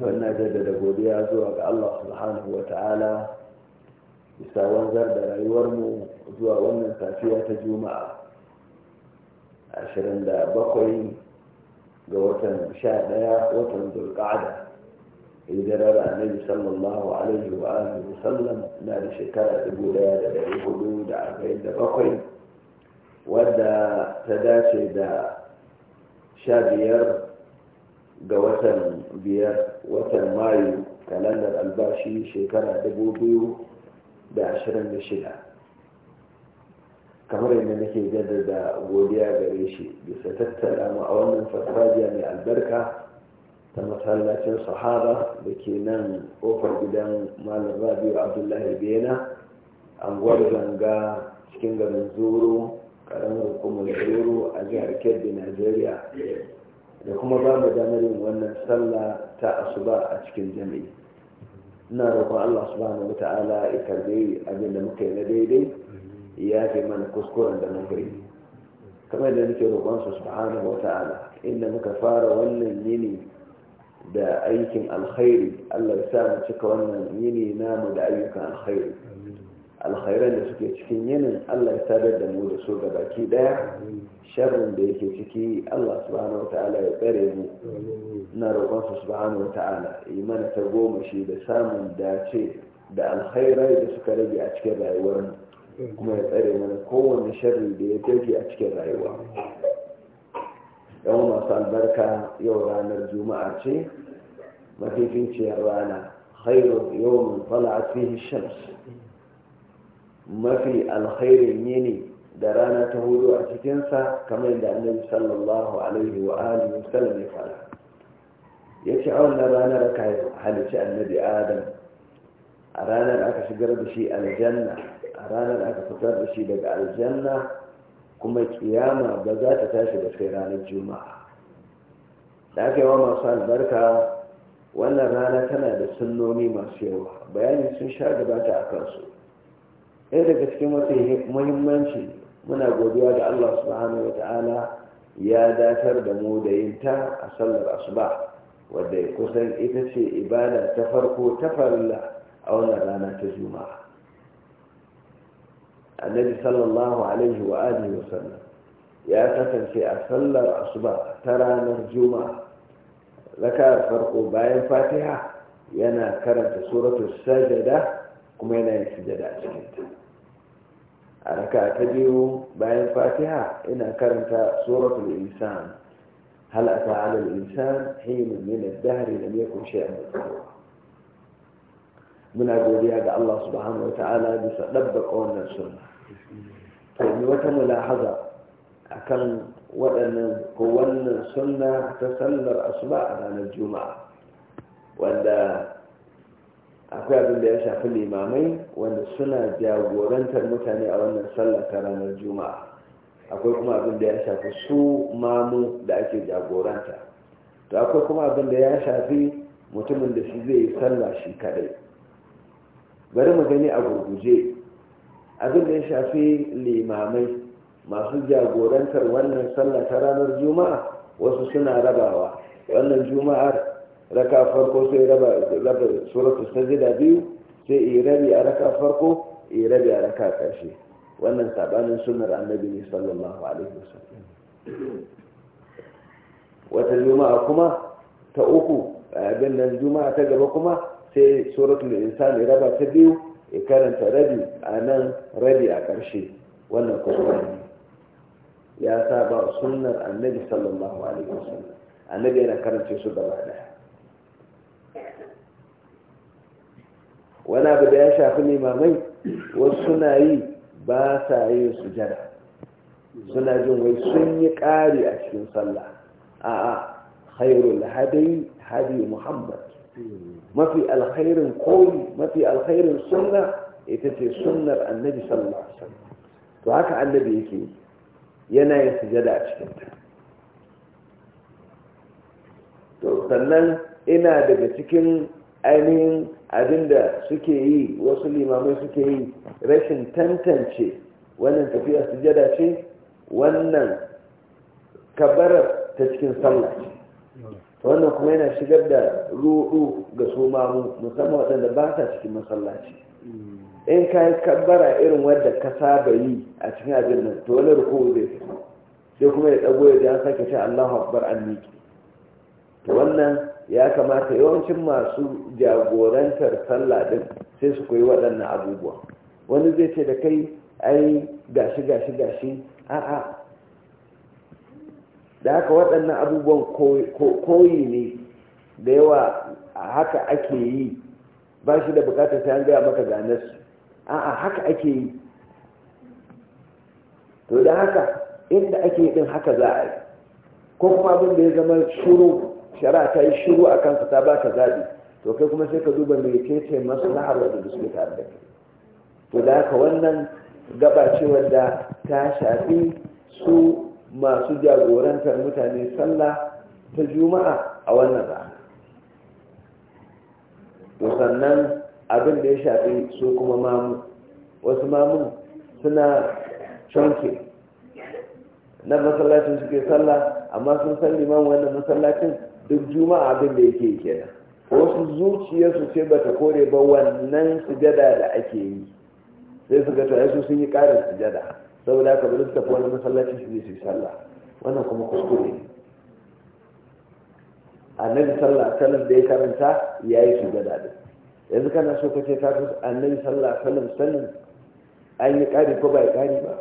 wannan jaddada godiya zuwa ga Allah subhanahu wa ta'ala bisa wanzar da rayuwarmu zuwa wannan safiya ta juma'a 27 ga watan 11 watan zulqa'ada hijirar annabi sallallahu alaihi wa alihi wa sallam na da shekara 1447 wadda ta dace da 15 ga watan biyar watan mayu kalandar albashi shekara da da shida. kamar yadda nake jaddada godiya gare shi bisa tattara mu a wannan farfajiya mai albarka ta masallacin sahara da ke nan ƙofar gidan malam rabiu abdullahi bena anguwar ganga cikin garin zuru karamar hukumar zuru a jihar kebbi najeriya da kuma ba mu damar yin wannan sallah ta asuba a cikin jami'i ina roƙon Allah subhanahu wata'ala ya karbe abin da muka yi na daidai ya fi mana kuskuren da muka yi kamar da nake roƙon su subhanahu wata'ala inda muka fara wannan yini da aikin alkhairi Allah ya sa mu cika wannan yini namu da ayyukan alkhairi alkhairan da suke cikin yinin Allah ya sadar da mu da so ga baki daya sharrin da yake ciki Allah subhanahu wataala ya tsare mu na roƙon su subhanahu wataala yi mana ta goma shi da samun dace da alkhairai da suka rage a cikin rayuwar mu kuma ya tsare mana kowanne sharri da ya rage a cikin rayuwa yau masu albarka yau ranar juma'a ce mafificiyar rana khairu yawon tala'at fihi shams mafi alkhairin yini da rana ta hudu a cikinsa kamar yadda annabi sallallahu alaihi wa alihi wa sallam ya fara ya ce a wannan ranar aka halici annabi adam a ranar aka shigar da shi aljanna a ranar aka fitar da shi daga aljanna kuma kiyama ba za ta tashi da sai ranar juma'a da aka yi wa masu albarka wannan rana tana da sunnoni masu yawa bayanin sun sha gabata a kansu ɗaya daga cikin mafi muhimmanci muna godiya da Allah subhanahu wa ta'ala ya datar da mu da yin ta a sallar asuba wadda kusan ita ce ibada ta farko ta farilla a wannan rana ta juma'a annabi sallallahu alaihi wa alihi wa sallam ya kasance a sallar asuba ta ranar juma'a raka farko bayan fatiha yana karanta suratul sajada kuma yana yin sujada a cikinta a raka ta biyu bayan fatiha ina karanta suratul insan hal ata ala al-insan hinun min ad-dahr lam yakun shay'an muna godiya ga Allah subhanahu wata'ala bisa dabbaka wannan sunna to ni wata mulahaza akan waɗannan ko wannan sunna ta sallar asuba a ranar juma'a wanda akwai abin da ya shafi limamai wanda suna jagorantar mutane a wannan sallah ta ranar juma'a akwai kuma abin da ya shafi su mamu da ake jagoranta to akwai kuma abin da ya shafi mutumin da shi zai yi sallah shi kadai bari mu gani a gurguje abin da ya shafi limamai masu jagorantar wannan sallah ta ranar juma'a wasu suna rabawa wannan juma'ar raka farko sai raba suratu sajda biyu sai rabi a raka farko rabi a raka karshe wannan sabanin sunnar annabi ne sallallahu alaihi wasallam wata juma'a kuma ta uku abin nan juma'a ta gaba kuma sai suratul insani raba ta biyu ya karanta rabi a nan rabi a karshe, wannan kuskure ya saba sunnar annabi sallallahu alaihi wasallam annabi yana karanta su gaba daya wani abu da ya shafi limamai wasu suna yi ba sa yin sujada suna jin wai sun yi ƙari a cikin sallah a'a khairul hadayi hadi muhammad mafi alkhairin koyi mafi alkhairin sunna ita ce sunnar annabi sallallahu alaihi wasallam to haka annabi yake yana yin sujada a cikin ta to sannan ina daga cikin ainihin abinda suke yi wasu limamai suke yi rashin tantance wannan tafiya sujada ce wannan kabarar ta cikin sallah ce wannan kuma yana shigar da ruɗu ga su mamu musamman waɗanda ba sa cikin masallaci in ka yi kabara irin wadda ka saba yi a cikin abin nan to wani ruku zai fi sai kuma ya ɗago ya ji an sake ce allahu akbar an miƙe to wannan ya kamata yawancin masu jagorantar sallah din sai su koyi waɗannan abubuwa wani zai ce da kai ai gashi gashi gashi a'a da haka waɗannan abubuwan koyi ne da yawa haka ake yi ba shi da bukatar sai an gaya maka ganar su a'a haka ake yi to da haka inda ake yi din haka za a yi ko kuma abin da ya zama shuru shari'a ta yi shiru a kansa ta ba ka zaɓi to kai kuma sai ka duba mai kece maslahar wadanda suke tare da kai to da haka wannan gaba ce ta shafi su masu jagorantar mutane sallah ta juma'a a wannan rana to sannan abin da ya shafi su kuma mamu wasu mamun suna canke na masallacin suke sallah amma sun san liman wannan masallacin duk juma'a abin da yake kenan wasu zuciyarsu ce ba ta kore ba wannan sujada da ake yi sai su ga to su sun yi karin sujada saboda haka bari su tafi wani masallaci su je su yi sallah wannan kuma kuskure ne annabi sallah sallam da ya karanta ya yi sujada din yanzu kana so ka ce ka fi annabi sallah sallam sallam an yi kari ko ba ya kari ba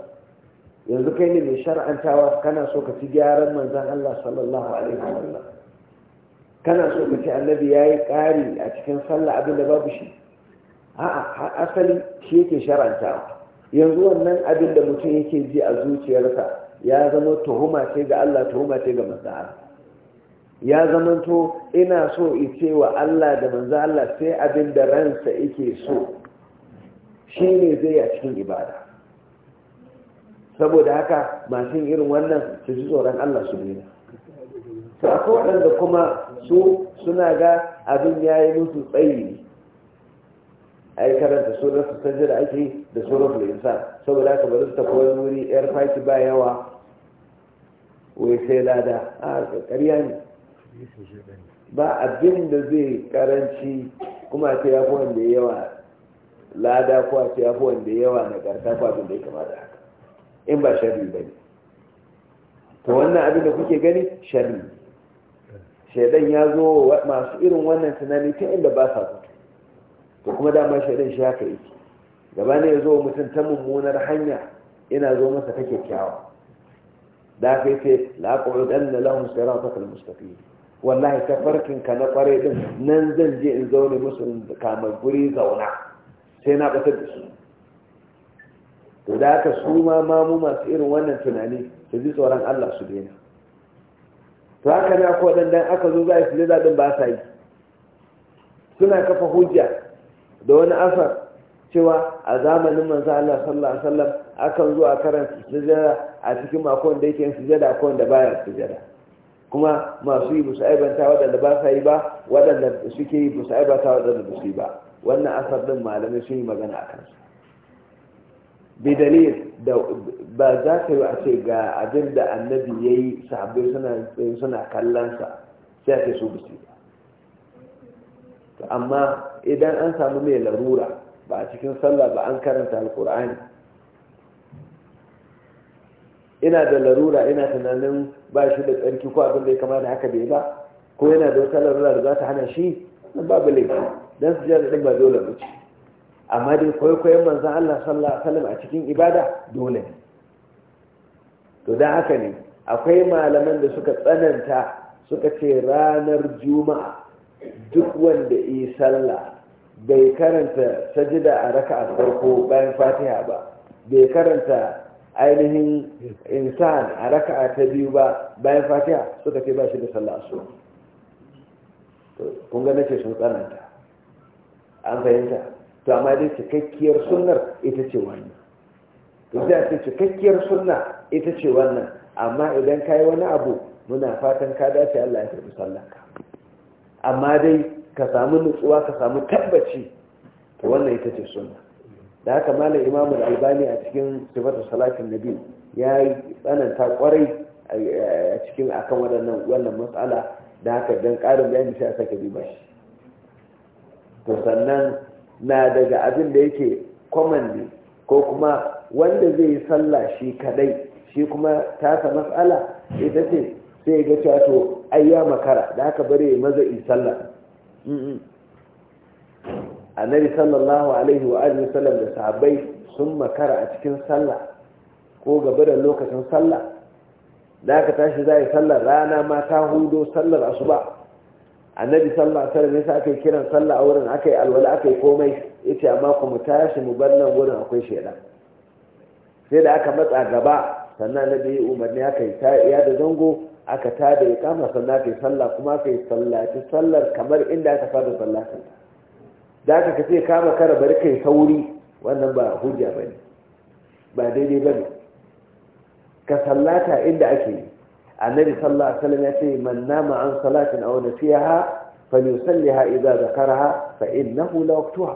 yanzu kai ne mai shar'antawa kana so ka ci gyaran manzan Allah sallallahu alaihi wa sallam kana so ka ce annabi ya yi ƙari a cikin sallah abinda babu shi a'a asali shi yake sharanta yanzu wannan abin da mutum yake ji a zuciyarsa ya zama tuhuma ce ga Allah tuhuma ce ga manzo ya zamanto ina so in ce wa Allah da manzo Allah sai abin da ransa yake so shi ne zai yi a cikin ibada saboda haka masu irin wannan su ji tsoron Allah su nuna su akwai waɗanda kuma su suna ga abin ya yi musu tsayi a yi karanta sunan su da ake da sunan insa saboda haka bari su tafi wani wuri yar faki ba yawa wai sai lada a ƙarya ne ba abin da zai karanci kuma ta yafi wanda yawa lada ko ta yafi wanda yawa na karta ko abin da ya kamata haka in ba shari ba ne to wannan abin da kuke gani shari shaidan ya zo masu irin wannan tunani ta inda ba sa zuwa to kuma dama shaidan shi haka yake gaba ne ya zo mutum ta mummunar hanya ina zo masa ta kyakkyawa da aka yi ce laƙo'u ɗan na lahun sirar ta mustafi wallahi ta farkin ka na kware din nan zan je in zaune musu kamar guri zauna sai na ɓatar da su to da aka su ma mamu masu irin wannan tunani su ji tsoron allah su daina to haka na ko dan aka zo za a yi din ba sa yi suna kafa hujja da wani asar cewa a zamanin manzo Allah sallallahu alaihi wasallam akan zo a karanta sujada a cikin makon da yake sujada ko da baya sujada kuma masu yi musu aibanta waɗanda ba sa yi ba waɗanda suke yi musu aibanta waɗanda ba su yi ba wannan asar din malamai sun yi magana a kansu bidalil da ba za ka yi a ce ga abin da annabi ya yi sahabbai suna kallonsa sai a ce su bisi ba amma idan an samu mai larura ba a cikin sallah ba an karanta alkur'ani ina da larura ina tunanin ba shi da tsarki ko abin da ya kamata haka bai ba ko yana da wata larura da za ta hana shi babu laifi don su da ɗin ba dole ba ce amma dai kwaikwayon manzan Allah sallallahu alaihi wasallam a cikin ibada dole to dan haka ne akwai malaman da suka tsananta suka ce ranar juma'a duk wanda yi sallah bai karanta sajida a raka'a farko bayan fatiha ba bai karanta ainihin insan a raka'a ta biyu ba bayan fatiha suka ce ba shi da sallah su kun ga nace sun tsananta an fahimta to amma dai cikakkiyar sunnar ita ce wannan idan ce cikakkiyar sunna ita ce wannan amma idan ka wani abu muna fatan ka dace Allah ya karbi sallarka amma dai ka samu nutsuwa ka samu tabbaci to wannan ita ce sunna da haka malam Imam Al-Albani a cikin sifatu salatin nabi ya yi tsananta kwarai a cikin akan waɗannan wannan matsala da haka dan Karin bayani sai a sake bi mashi to sannan na daga abin da yake commonly ko kuma wanda zai yi sallah shi kadai shi kuma tasa matsala ita ce sai ga cewa to ai ya makara da haka bare ya maza yi sallah annabi sallallahu alaihi wa alihi sallam da sahabbai sun makara a cikin sallah ko gaba da lokacin sallah da haka tashi za yi sallar rana ma ta hudo sallar asuba annabi sallallahu alaihi wasallam sai aka yi kiran sallah a wurin aka yi alwala aka yi komai yace amma ku mu tashi mu bar nan wurin akwai sheda. sai da aka matsa gaba sannan annabi ya umarni aka yi ya da zango aka tada ya kama sallah aka yi sallah kuma aka yi sallaci sallar kamar inda aka fara sallatin da aka kace kama kara bari kai sauri wannan ba hujja bane ba daidai bane ka sallata inda ake yi annabi sallallahu alaihi wasallam ya ce man nama an salatin aw nasiha falyusalliha idza zakaraha fa innahu la waqtuha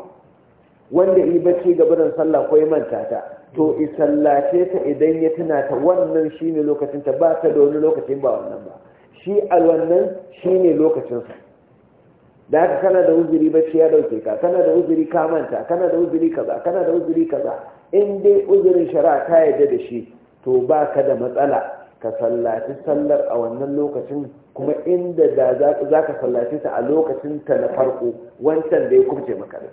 wanda yi bacci gaban sallah ko ya manta ta to sallace ta idan ya tuna ta wannan shine lokacin ta ba ta da wani lokacin ba wannan ba shi alwannan shine lokacin sa da haka kana da uzuri bacci ya dauke ka kana da uzuri ka manta kana da uzuri kaza kana da uzuri kaza in dai uzurin shari'a ta yadda da shi to ba ka da matsala ka sallaci sallar a wannan lokacin kuma inda da za ka sallaci ta a lokacin ta na farko wancan da ya kubce maka da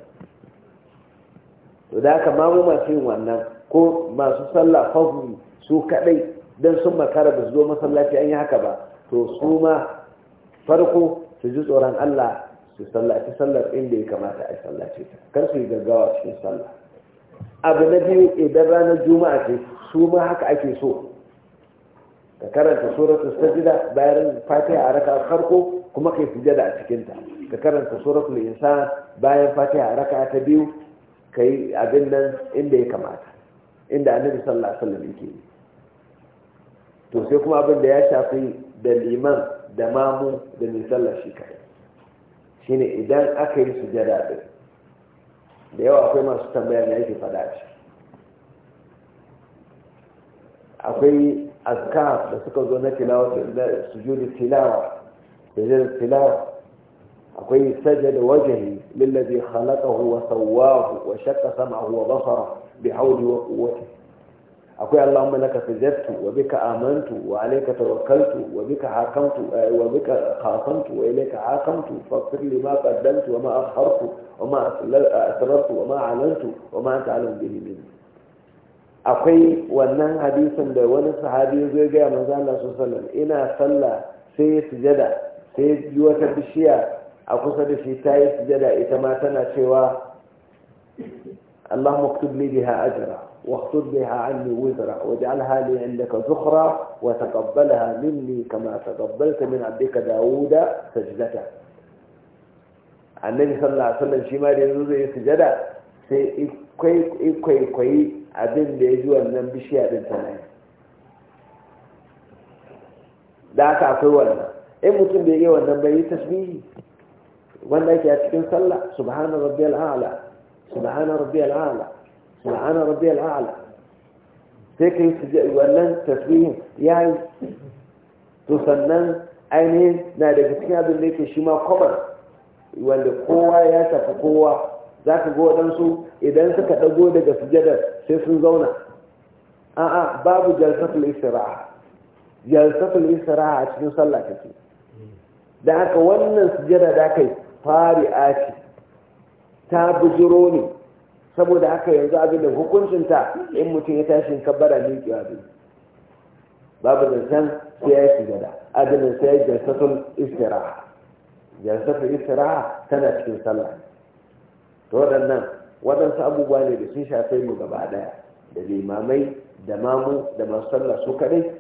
to da haka mamu masu yin wannan ko masu sallah fahimi su kadai don sun makara ba su zo masallaci an yi haka ba to su ma farko su ji tsoron Allah su sallaci sallar inda ya kamata a sallace ta kar su yi gaggawa cikin sallah abu na biyu idan ranar juma'a ce su ma haka ake so ka karanta suratul sajda bayan fatiha a raka farko kuma kai sujada a cikinta ka karanta suratul insan bayan fatiha a raka ta biyu kai abin nan inda ya kamata inda annabi sallallahu alaihi wasallam yake to sai kuma abin da ya shafi da liman da mamu da mai sallar shi kai shine idan aka yi sujada din da yawa akwai masu tambaya ne yake faɗa shi akwai أذكار لسكو زونة تلاوة سجود التلاوة سجود التلاوة أقول سجد وجهي للذي خلقه وسواه وشق سمعه وبصره بحوله وقوته أقول اللهم لك سجدت وبك آمنت وعليك توكلت وبك حاكمت آه، وبك خاصمت وإليك عاقمت فاغفر لي ما قدمت وما أخرت وما آه، أسررت وما أعلنت وما أنت أعلم به مني akwai wannan hadisin da wani sahabi ya zai gaya manzo Allah su sallam ina sallah sai ya sujada sai yi wata bishiya a kusa da shi ta yi sujada ita ma tana cewa Allahumma aktub li biha ajra wa aktub biha anni wizra waj'alha li 'indaka zukhra wa taqabbalha minni kama taqabbalta min 'abdika Dawuda sajdata Annabi sallallahu alaihi wasallam shi ma da yanzu zai sujada sai ikwai ikwai abin da ya ji wannan bishiya din tana yi da aka akwai wannan in mutum bai yi wannan bai yi tasbihi wanda yake a cikin sallah subhana rabbi a'la subhana rabbi a'la subhana rabbi a'la sai kai sujudi wannan tasbihin ya yi, to sannan ainihin na daga cikin abin da yake shi ma kwabar wanda kowa ya tafi kowa za ka ga waɗansu idan suka ɗago daga sujadar sai sun zauna a'a babu jalsatul istira'a jalsatul istira'a a cikin sallah take da aka wannan sujada da kai fari'a ce ta bujiro ne saboda haka yanzu abin da hukuncinta in mutum ya tashi kabbara ne ki abin babu zancen sai ya yi adalin sai ya jalsatul istira'a jalsatul istira'a tana cikin sallah to waɗannan waɗansu abubuwa ne da sun shafe mu gaba ɗaya da limamai da mamu da masu sallah su kaɗai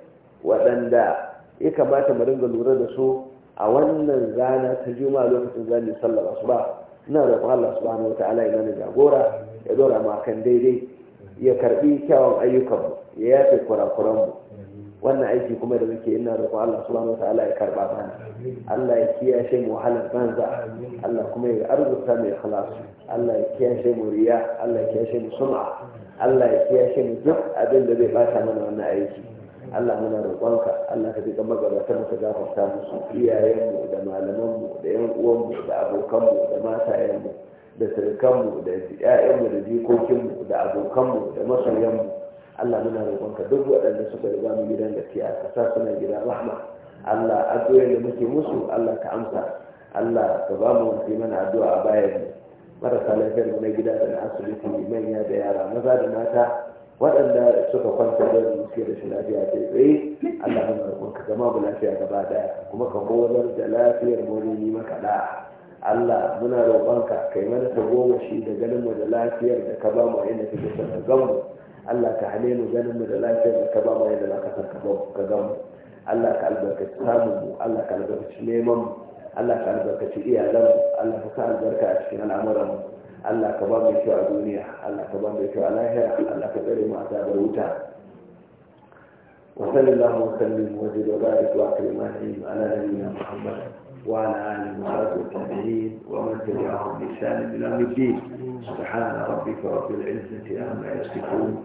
waɗanda ya kamata mu dinga lura da su a wannan rana ta juma lokacin za mu sallah ba ina kuma Allah subhanahu wataala ya mana jagora ya dora mu akan daidai ya karɓi kyawun ayyukanmu, ya yafe kurakuranmu mu wannan aiki kuma da muke ina roƙon Allah subhanahu wa ta'ala ya karba Bani. Allah ya kiyashe mu wahalar banza Allah kuma ya arzuta mai ikhlas Allah ya kiyashe mu riya Allah ya kiyashe mu sum'a Allah ya kiyashe mu duk abin da zai bata mana wannan aiki Allah muna roƙonka Allah ka duka magabatan ka gafarta musu iyayenmu da malamanmu da yan uwanmu da abokanmu da matayenmu da mu da ƴaƴanmu da da abokanmu da mu Allah muna roƙonka duk waɗanda suka riga mu gidan gaskiya ka sa suna gidan rahma Allah addu'o'in da muke musu Allah ka amsa Allah ka ba mu wani mana addu'a a bayan marasa lafiyar mu na gida da na asibiti manya da yara maza da mata waɗanda suka kwanta da suke da shi lafiya ta tsaye Allah muna roƙonka ka mu lafiya gaba daya kuma ka horar da lafiyar mu ne maka da'a Allah muna roƙonka kai mana ta goma shi da ganin mu da lafiyar da ka ba mu inda kake son ka gamu Allah ka hale mu ganin mu da lafiyar ka ba mu yadda za ka san ka ka ga mu Allah ka albarkaci samun mu Allah ka albarkaci neman mu Allah ka albarkaci iyalan mu Allah ka sa albarka a cikin al'amuran mu Allah ka ba mu kyau a duniya Allah ka ba mu kyau a lahira Allah ka tsare mu a sabar wuta وصلى الله وسلم وزد وبارك واكرم انعم على نبينا محمد وعلى اله وصحبه التابعين ومن تبعهم بإحسان الى يوم الدين سبحان ربك رب العزه عما يصفون